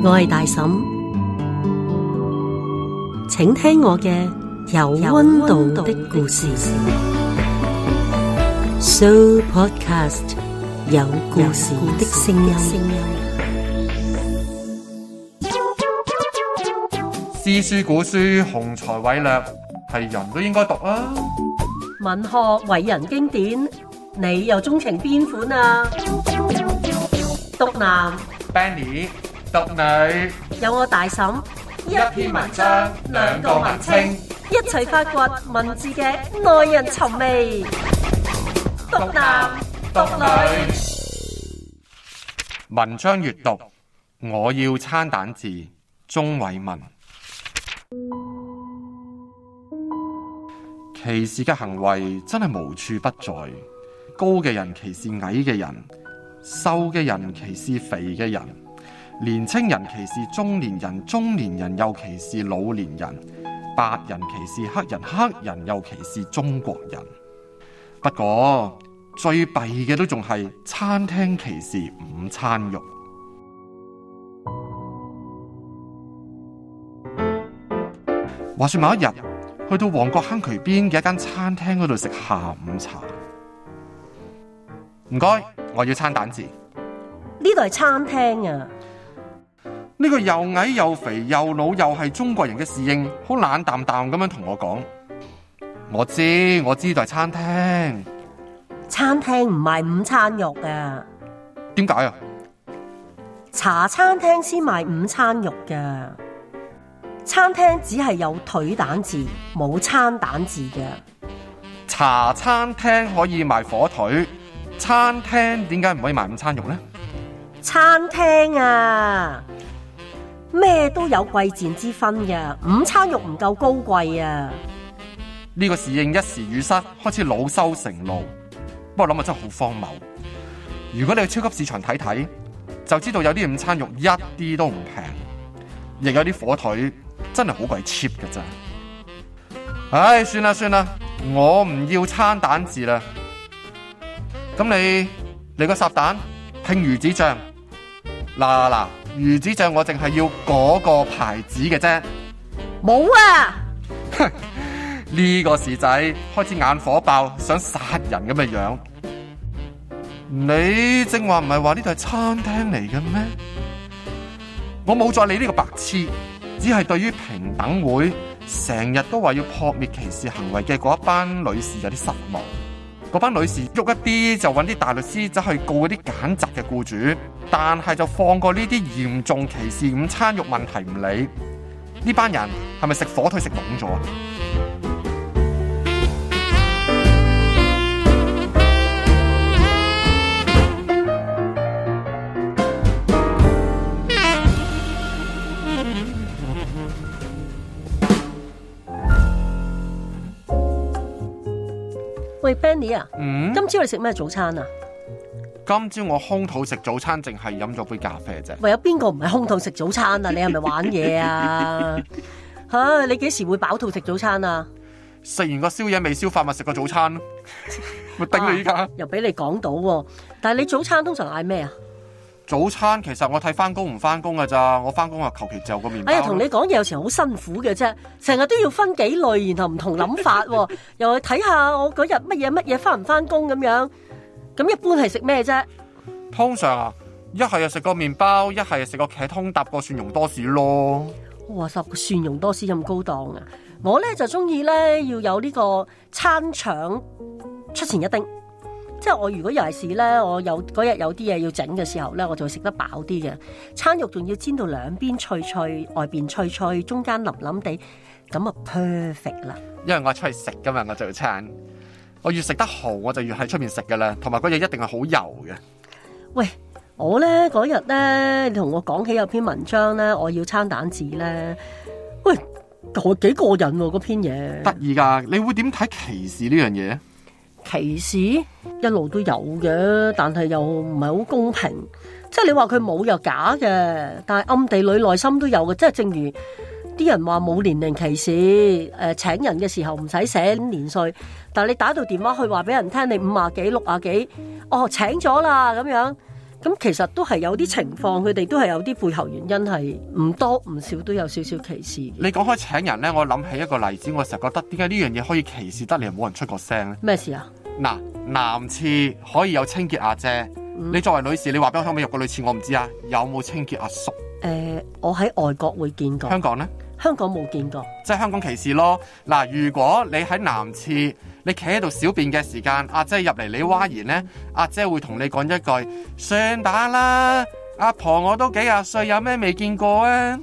我係大嬸，請聽我嘅有溫度的故事。So podcast 有故事的聲音。詩書古書，雄才偉略，係人都應該讀啊！文學偉人經典，你又鍾情邊款啊？讀男，Benny。Banny? 讀女有我大嬸一篇文章，兩個文稱一齊發掘文字嘅耐人尋味。讀男讀女文章閱讀，我要餐蛋字。鍾偉文歧視嘅行為真係無處不在，高嘅人歧視矮嘅人，瘦嘅人歧視肥嘅人。年青人歧視中年人，中年人又歧視老年人，白人歧視黑人，黑人又歧視中國人。不過最弊嘅都仲係餐廳歧視午餐肉。話說某一日，去到旺角坑渠邊嘅一間餐廳嗰度食下午茶。唔該，我要餐蛋治。呢度係餐廳啊！呢、這個又矮又肥又老又係中國人嘅侍應，好冷淡淡咁樣同我講：我知，我知道係、就是、餐廳。餐廳唔賣午餐肉㗎，點解啊？茶餐廳先賣午餐肉㗎，餐廳只係有腿蛋治，冇餐蛋治㗎。茶餐廳可以賣火腿，餐廳點解唔可以賣午餐肉呢？餐廳啊！咩都有貴賤之分嘅，午餐肉唔夠高貴啊！呢個侍應一時語塞，開始惱羞成怒。不過諗啊，真係好荒謬。如果你去超級市場睇睇，就知道有啲午餐肉一啲都唔平，亦有啲火腿真係好鬼 cheap 嘅咋。唉，算啦算啦，我唔要餐蛋字啦。咁你你個霎蛋，襯魚子醬，嗱嗱。魚子醬我淨係要嗰個牌子嘅啫，冇啊！呢 個時仔開始眼火爆，想殺人咁嘅樣。你正話唔係話呢度係餐廳嚟嘅咩？我冇再理呢個白痴，只係對於平等會成日都話要撲滅歧視行為嘅嗰一班女士有啲失望。嗰班女士喐一啲就揾啲大律師走去告嗰啲揀擇嘅雇主，但係就放過呢啲嚴重歧視午餐肉問題唔理，呢班人係咪食火腿食懵咗啊？喂，Benny 啊，嗯、今朝你食咩早餐啊？今朝我空肚食早餐，淨係飲咗杯咖啡啫。唯有邊個唔係空肚食早餐啊？你係咪玩嘢啊？吓、 啊，你幾時會飽肚食早餐啊？食完個宵夜未消化咪食個早餐咯、啊，咪 頂、啊、 你依家又俾你講到、啊，但係你早餐通常嗌咩啊？早餐其實我睇，翻工唔翻工噶咋，我翻工就求其嚼個麵包。哎呀，同你講嘢有時好辛苦嘅啫，成日都要分幾類，然後唔同諗法， 又去睇下我嗰日乜嘢乜嘢，翻唔翻工咁樣。咁一般係食咩啫？通常啊，一係又食個麵包，一係食個茄通搭個蒜蓉多士咯。哇塞，蒜蓉多士咁高檔啊！我咧就中意，咧要有呢個餐腸出前一丁。即係我如果尤其是咧，我有嗰日有啲嘢要整嘅時候咧，我就食得飽啲嘅。餐肉仲要煎到兩邊脆脆，外邊脆脆，中間淋淋地，咁啊 perfect 啦。因為我係出去食噶嘛，我就要餐，我越食得好，我就越喺出面食噶啦。同埋嗰日一定係好油嘅。喂，我咧嗰日咧，你同我講起有篇文章咧，我要餐蛋子咧，喂，幾過癮喎！嗰篇嘢得意噶，你會點睇歧視呢樣嘢？歧視一路都有嘅，但係又唔係好公平。即係你話佢冇又假嘅，但係暗地裏內心都有嘅。即係正如啲人話冇年齡歧視，誒、呃，請人嘅時候唔使寫年歲，但係你打到電話去話俾人聽你五啊幾、六啊幾，哦，請咗啦，咁樣。咁其實都係有啲情況，佢哋都係有啲背後原因係唔多唔少都有少少歧視的。你講開請人呢，我諗起一個例子，我成日覺得點解呢樣嘢可以歧視得嚟冇人出個聲呢？咩事啊？嗱，男廁可以有清潔阿姐、嗯，你作為女士，你話俾我聽，可唔可以入個女廁？我唔知啊，有冇清潔阿叔？誒、呃，我喺外國會見過。香港呢？香港冇見過，即係香港歧視咯。嗱，如果你喺男廁。你企喺度小便嘅時間，阿、啊、姐入嚟你嘩然咧，阿、啊、姐會同你講一句，算把啦，阿婆，我都幾廿歲，有咩未見過啊？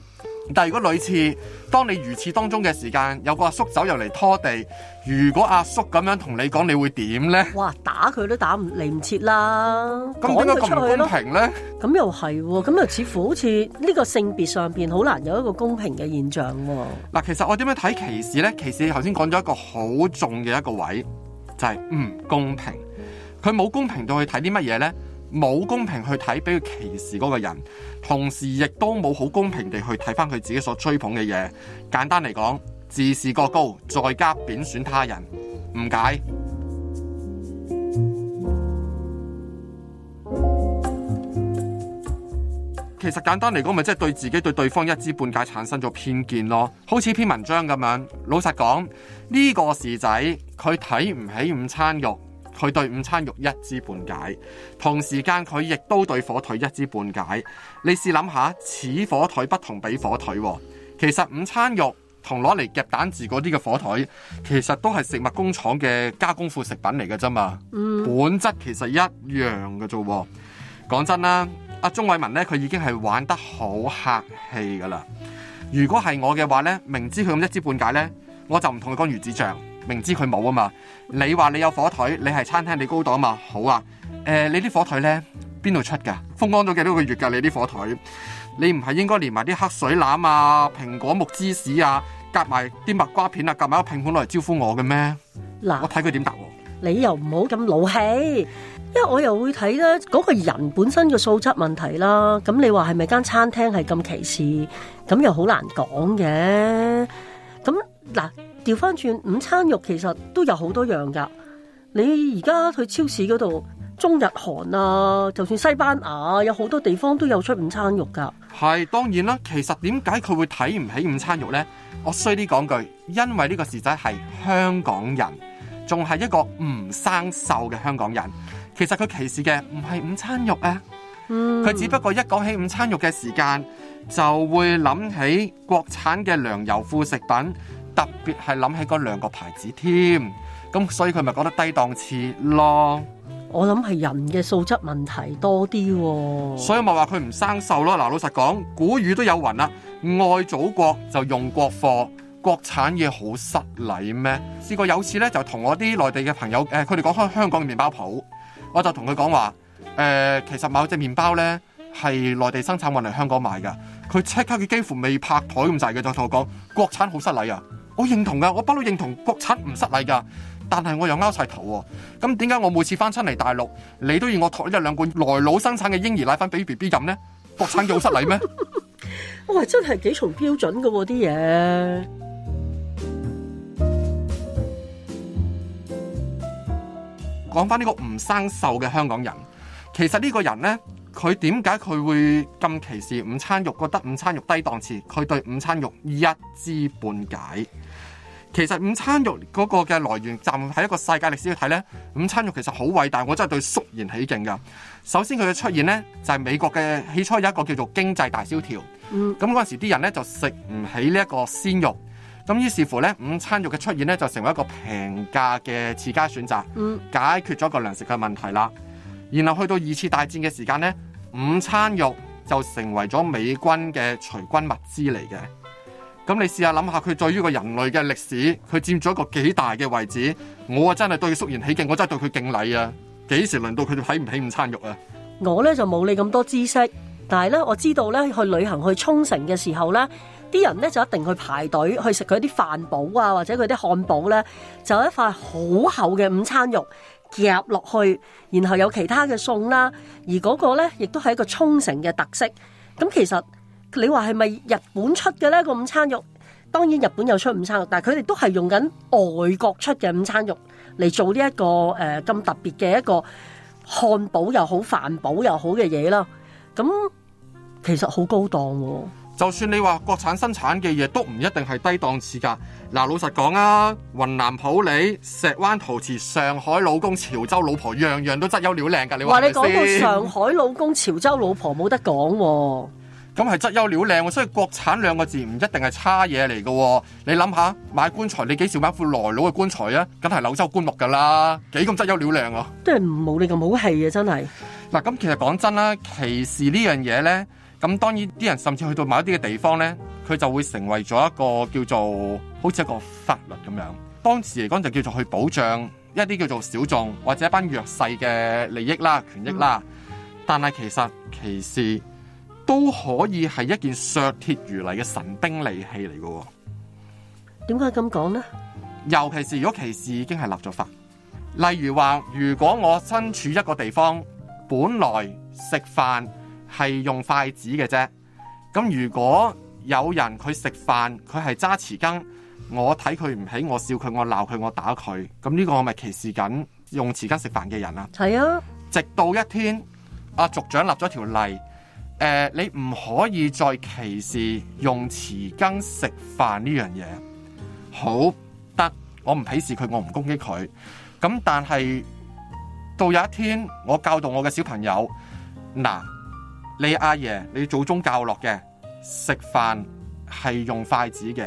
但係如果女廁，當你如廁當中嘅時間，有個阿叔、叔走入嚟拖地，如果阿叔咁樣同你講，你會點呢？哇！打佢都打唔嚟唔切啦，咁樣咁唔公平呢？咁、啊、又係、哦，咁又似乎好似呢個性別上邊好難有一個公平嘅現象、哦。嗱，其實我點樣睇歧視呢？歧視你頭先講咗一個好重嘅一個位，就係、是、唔公平。佢冇公平到去睇啲乜嘢呢？冇公平去睇，俾佢歧視嗰個人，同時亦都冇好公平地去睇翻佢自己所追捧嘅嘢。簡單嚟講，自視過高，再加貶損他人，誤解。其實簡單嚟講咪即係對自己對對方一知半解，產生咗偏見咯。好似篇文章咁樣。老實講，呢、這個時仔佢睇唔起午餐肉。佢對午餐肉一知半解，同時間佢亦都對火腿一知半解。你試諗下，此火腿不同彼火腿，哦，其實午餐肉同攞嚟夾蛋治嗰啲嘅火腿，其實都係食物工廠嘅加工副食品嚟嘅啫嘛。本質其實一樣嘅啫喎。講真啦，阿鐘偉文呢，佢已經係玩得好客氣嘅啦。如果係我嘅話呢，明知佢咁一知半解呢，我就唔同佢講魚子醬。明知佢冇啊嘛，你話你有火腿，你係餐廳你高檔嘛？好啊，誒、呃，你啲火腿咧邊度出噶？風乾咗幾多個月噶？你啲火腿，你唔係應該連埋啲黑水腩啊、蘋果木芝士啊，夾埋啲蜜瓜片啊，夾埋個拼盤落嚟招呼我嘅咩？嗱，我睇佢點答喎？你又唔好咁勞氣，因為我又會睇咧嗰個人本身嘅素質問題啦。咁你話係咪間餐廳係咁歧視？咁又好難講嘅。咁嗱。調翻轉，午餐肉其實都有好多樣噶，你而家去超市嗰度，中日韓啊，就算西班牙，有好多地方都有出午餐肉噶。係當然啦，其實點解佢會睇唔起午餐肉呢？我衰啲講句，因為呢個時仔係香港人，仲係一個唔生銹嘅香港人。其實佢歧視嘅唔係午餐肉啊，佢、嗯、只不過一講起午餐肉嘅時間，就會諗起國產嘅糧油副食品。特別係諗起嗰兩個牌子添，咁所以佢咪覺得低檔次咯？我諗係人嘅素質問題多啲喎。所以咪話佢唔生鏽咯？嗱，老實講，古語都有云啦、啊，愛祖國就用國貨，國產嘢好失禮咩？試過有次咧，就同我啲內地嘅朋友誒，佢哋講開香港嘅麵包鋪，我就同佢講話誒，其實某隻麵包咧係內地生產運嚟香港賣㗎，佢即刻佢幾乎未拍台咁滯嘅就同我講國產好失禮啊！我認同噶，我不嬲認同國產唔失禮噶，但係我又拗晒頭喎。咁點解我每次翻親嚟大陸，你都要我托一兩罐來佬生產嘅嬰兒奶粉俾 B B 飲呢？國產嘅好失禮咩？ 我真係幾重標準噶啲嘢。講翻呢個唔生鏽嘅香港人，其實呢個人咧。佢點解佢會咁歧視午餐肉？覺得午餐肉低檔次，佢對午餐肉一知半解。其實午餐肉嗰個嘅來源，站喺一個世界歷史去睇呢，午餐肉其實好偉大，我真係對肅然起敬㗎。首先佢嘅出現呢，就係、是、美國嘅起初有一個叫做經濟大蕭條，咁嗰陣時啲人呢，就食唔起呢一個鮮肉，咁於是乎呢，午餐肉嘅出現呢，就成為一個平價嘅次佳選擇，解決咗個糧食嘅問題啦。然後去到二次大戰嘅時間咧，午餐肉就成為咗美軍嘅隨軍物資嚟嘅。咁你試下諗下佢對於個人類嘅歷史，佢佔咗一個幾大嘅位置。我真係對佢肅然起敬，我真係對佢敬禮啊！幾時輪到佢哋睇唔起午餐肉啊？我呢就冇你咁多知識，但係呢，我知道呢，去旅行去沖繩嘅時候呢，啲人呢就一定去排隊去食佢啲飯堡啊，或者佢啲漢堡呢，就有一塊好厚嘅午餐肉。夾落去，然後有其他嘅餸啦，而嗰個呢，亦都係一個沖繩嘅特色。咁其實你話係咪日本出嘅呢個午餐肉？當然日本有出午餐肉，但係佢哋都係用緊外國出嘅午餐肉嚟做呢一個誒咁特別嘅一個漢堡又好、飯堡又好嘅嘢啦。咁其實好高檔喎。就算你話國產生產嘅嘢，都唔一定係低檔次噶。嗱，老實講啊，雲南普洱、石灣陶瓷、上海老公、潮州老婆，樣樣都質優料靚噶。你話你講到上海老公、潮州老婆冇得講，咁係質優料靚，所以國產兩個字唔一定係差嘢嚟喎。你諗下，買棺材你幾時買副來佬嘅棺材啊？梗係柳州棺木噶啦，幾咁質優料靚啊？都係冇你咁好氣啊！真係嗱，咁其實講真啦，歧視呢樣嘢咧。咁當然，啲人甚至去到某一啲嘅地方呢，佢就會成為咗一個叫做好似一個法律咁樣。當時嚟講就叫做去保障一啲叫做小眾或者一班弱勢嘅利益啦、權益啦、嗯。但係其實歧視都可以係一件削鐵如泥嘅神兵利器嚟嘅。點解咁講呢？尤其是如果歧視已經係立咗法，例如話如果我身處一個地方，本來食飯。係用筷子嘅啫。咁如果有人佢食飯佢係揸匙羹，我睇佢唔起，我笑佢，我鬧佢，我打佢，咁呢個我咪歧視緊用匙羹食飯嘅人啦。係啊，直到一天阿、啊、族長立咗條例，誒、呃，你唔可以再歧視用匙羹食飯呢樣嘢，好得我唔鄙視佢，我唔攻擊佢。咁但係到有一天我教導我嘅小朋友嗱。你阿爺你祖宗教落嘅食飯係用筷子嘅。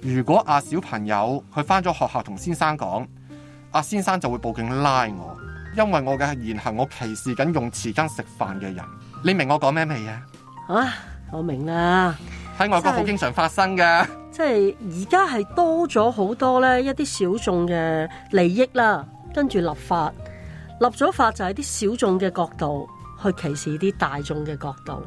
如果阿小朋友佢返咗學校同先生講，阿先生就會報警拉我，因為我嘅言行我歧視緊用匙羹食飯嘅人。你明我講咩未啊？啊，我明啦。喺外國好經常發生噶。即係而家係多咗好多咧，一啲小眾嘅利益啦，跟住立法立咗法就係啲小眾嘅角度。去歧視啲大眾嘅角度，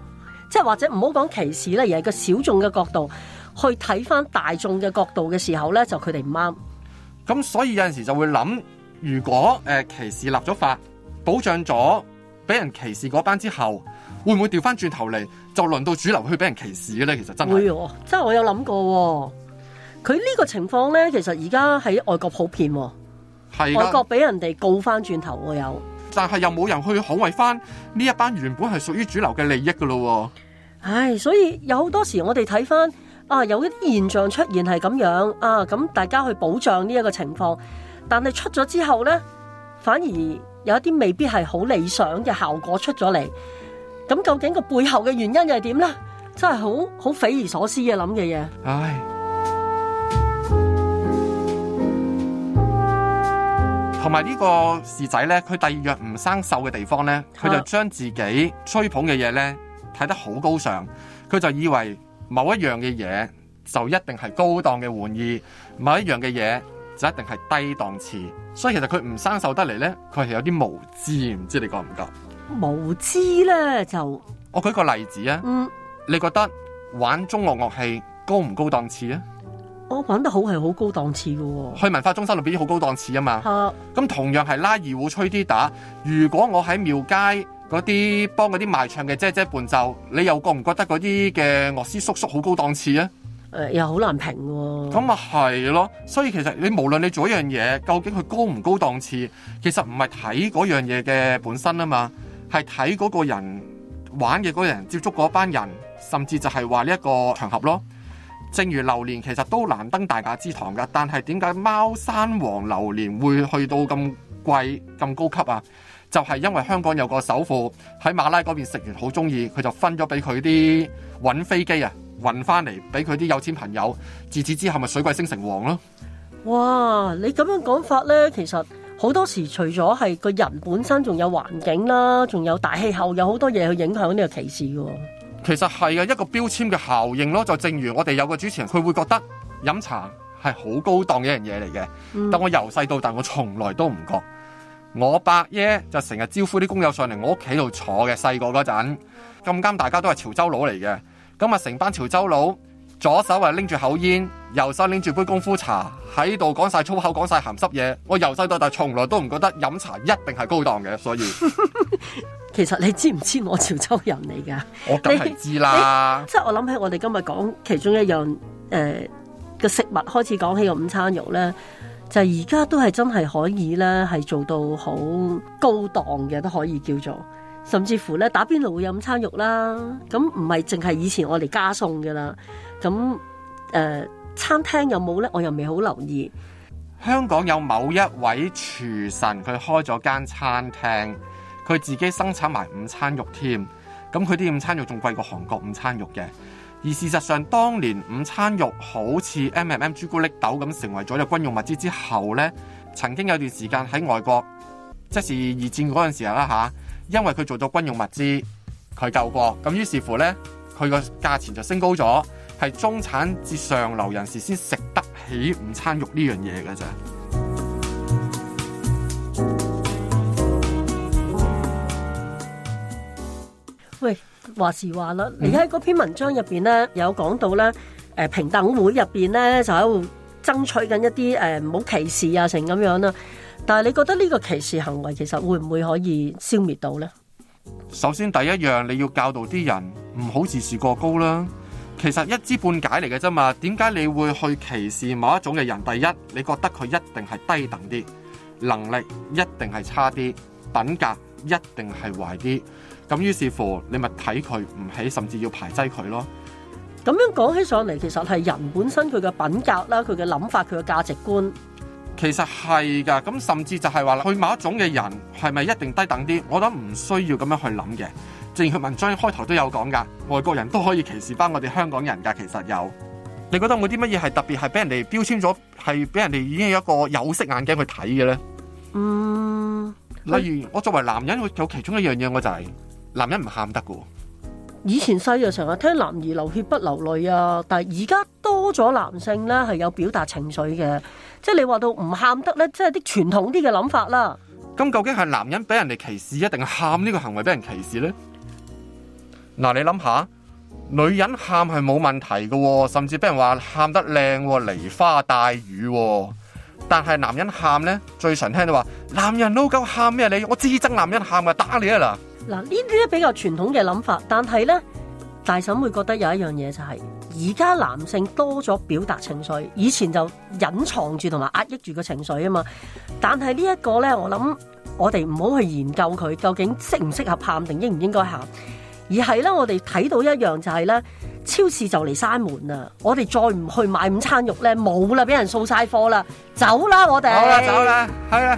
即係或者唔好講歧視咧，而係個小眾嘅角度去睇翻大眾嘅角度嘅時候咧，就佢哋唔啱。咁所以有陣時就會諗，如果誒、呃、歧視立咗法，保障咗俾人歧視嗰班之後，會唔會調翻轉頭嚟就輪到主流去俾人歧視嘅咧？其實真係會、哦，真係我有諗過、哦，佢呢個情況咧，其實而家喺外國普遍、哦，外國俾人哋告翻轉頭我有。但係又冇人去捍衛翻呢一班原本係屬於主流嘅利益噶咯，唉、唉，所以有好多時我哋睇翻啊，有一啲現象出現係咁樣啊，咁大家去保障呢一個情況，但係出咗之後呢，反而有一啲未必係好理想嘅效果出咗嚟，咁究竟個背後嘅原因又係點呢？真係好好匪夷所思嘅諗嘅嘢，唉、唉。同埋呢個事仔呢，佢第二樣唔生銹嘅地方呢，佢就將自己吹捧嘅嘢呢，睇得好高尚，佢就以為某一樣嘅嘢就一定係高檔嘅玩意，某一樣嘅嘢就一定係低檔次。所以其實佢唔生銹得嚟呢，佢係有啲無知，唔知你覺唔覺？無知呢，就，我舉個例子啊，嗯，你覺得玩中樂樂器高唔高檔次啊？我玩得好係好高檔次嘅喎、哦，去文化中心度表演好高檔次啊嘛。咁、啊、同樣係拉二胡吹啲打。如果我喺廟街嗰啲幫嗰啲賣唱嘅姐姐伴奏，你又覺唔覺得嗰啲嘅樂師叔叔好高檔次咧？誒、啊，又好難評喎、啊。咁啊係咯，所以其實你無論你做一樣嘢，究竟佢高唔高檔次，其實唔係睇嗰樣嘢嘅本身啊嘛，係睇嗰個人玩嘅嗰個人接觸嗰班人，甚至就係話呢一個場合咯。正如榴蓮其實都難登大雅之堂噶但係點解貓山王榴蓮會去到咁貴咁高級啊？就係因為香港有個首富喺馬拉嗰邊食完好中意，佢就分咗俾佢啲搵飛機啊，搵翻嚟俾佢啲有錢朋友，自此之後咪水鬼星成王咯。哇！你咁樣講法呢，其實好多時除咗係個人本身，仲有環境啦，仲有大氣候，有好多嘢去影響呢個歧視噶其實係嘅一個標籤嘅效應咯，就正如我哋有個主持人，佢會覺得飲茶係好高檔一樣嘢嚟嘅。但我由細到大，我從來都唔覺。我伯爺就成日招呼啲工友上嚟我屋企度坐嘅。細個嗰陣咁啱大家都係潮州佬嚟嘅，咁咪成班潮州佬，左手係拎住口煙，右手拎住杯功夫茶，喺度講晒粗口，講晒鹹濕嘢。我由細到大，從來都唔覺得飲茶一定係高檔嘅，所以。 其實你知唔知我潮州人嚟噶？我梗係知啦。即係我諗起我哋今日講其中一樣誒、嘅、食物，開始講起個午餐肉咧，就而家都係真係可以咧，係做到好高檔嘅，都可以叫做。甚至乎咧，打邊爐會有午餐肉啦，咁唔係淨係以前我哋加餸嘅啦。咁誒、呃、餐廳有冇呢？我又未好留意。香港有某一位廚神，佢開咗間餐廳，佢自己生產埋午餐肉添。咁佢啲午餐肉仲貴過韓國午餐肉嘅。而事實上，當年午餐肉好似 M M M 朱古力豆咁，成為咗嘅軍用物資之後呢，曾經有段時間喺外國，即是二戰嗰陣時候啦、啊因為佢做咗軍用物資，佢救過，咁於是乎咧，佢個價錢就升高咗，係中產至上流人士先食得起午餐肉呢樣嘢嘅咋。喂，話時話啦，你喺嗰篇文章入邊咧，有講到咧，誒平等會入邊咧就喺度爭取緊一啲誒唔好歧視啊成咁樣啦。但係你覺得呢個歧視行為其實會唔會可以消滅到呢？首先第一樣你要教導啲人唔好自視過高啦。其實一知半解嚟嘅啫嘛。點解你會去歧視某一種嘅人？第一，你覺得佢一定係低等啲，能力一定係差啲，品格一定係壞啲。咁於是乎，你咪睇佢唔起，甚至要排擠佢咯。咁樣講起上嚟，其實係人本身佢嘅品格啦，佢嘅諗法，佢嘅價值觀。其實係噶，咁甚至就係話去某一種嘅人係咪一定低等啲？我覺得唔需要咁樣去諗嘅。正如文章開頭都有講噶，外國人都可以歧視翻我哋香港人㗎。其實有，你覺得冇啲乜嘢係特別係俾人哋標籤咗，係俾人哋已經有一個有色眼鏡去睇嘅咧？嗯，例如我作為男人，會有其中一樣嘢，就係，我就係男人唔喊得㗎。以前細就成日聽男兒流血不流淚啊，但係而家多咗男性咧係有表達情緒嘅，即係你話到唔喊得咧，即係啲傳統啲嘅諗法啦。咁、嗯、究竟係男人俾人哋歧視，一定係喊呢個行為俾人歧視咧？嗱、呃，你諗下，女人喊係冇問題嘅，甚至俾人話喊得靚，梨花帶雨。但係男人喊咧，最常聽到話男人老狗喊咩？你我至憎男人喊啊，打你啊嗱！嗱，呢啲比較傳統嘅諗法，但係呢，大嬸會覺得有一樣嘢就係，而家男性多咗表達情緒，以前就隱藏住同埋壓抑住個情緒啊嘛。但係呢一個呢，我諗我哋唔好去研究佢究竟適唔適合喊定應唔應該喊，而係呢，我哋睇到一樣就係，超市就嚟閂門啦，我哋再唔去買午餐肉呢，冇啦，俾人掃晒貨啦，走啦我哋，好啦，走啦，係啦。